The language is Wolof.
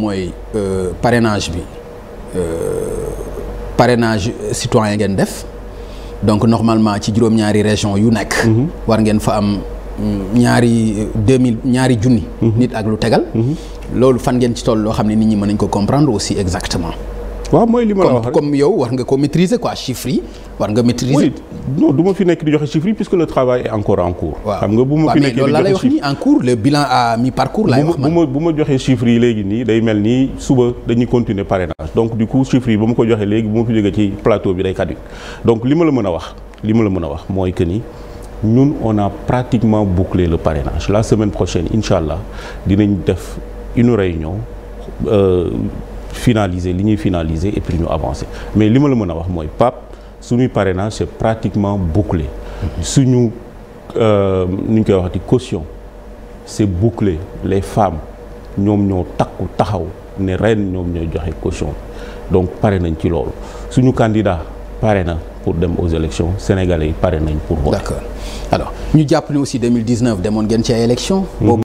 mooy euh, parenage bi euh, parrainage citoyen ngeen def donc normalement ci juróom-ñaari région yu nekk. Mhm. war ngeen fa am ñaari deux mille ñaari junni. Mhm. nit ak lu tegal. Mhm. loolu fan ngeen ci toll loo xam ne nit ñi mën nañ ko comprendre aussi exactement. waaw mooy li ma la wax yow war nga ko maîtriser quoi chiffres yi war nga maîtriser. non du ma fi nekk di joxe chiffres yi puisque le travail est encore en cours. xam nga bu ma fi nekk di bilan à mi parcours. wax man bu bu ma joxee chiffres yi léegi nii day mel nii suba dañuy continuer parrainage donc du coup chiffres yi ma ko joxee léegi bu ma fi jógee ci plateau bi day li ma la mën a wax li ma la mën a wax mooy que ni. ñun on a pratiquement bouclé le parrainage la semaine prochaine incha allah dinañ def une réunion. Euh, finaliser li ñuy finaliser et puis ñu avancer mais li ma la mën a wax ñuy Pape suñuy parrainage c'est pratiquement bouclé suñu euh, nu ñu koy waxati caution c'est bouclé les femmes ñoom ñoo takku taxaw ne ren ñoom ñooy joxe caution donc pare nañ ci loolu suñu candidat pare na pour dem aux élections sénégalais yi pare nañ pour voter. ñu jàpp ne aussi demoon ngeen ci ay élections. Mm-hmm.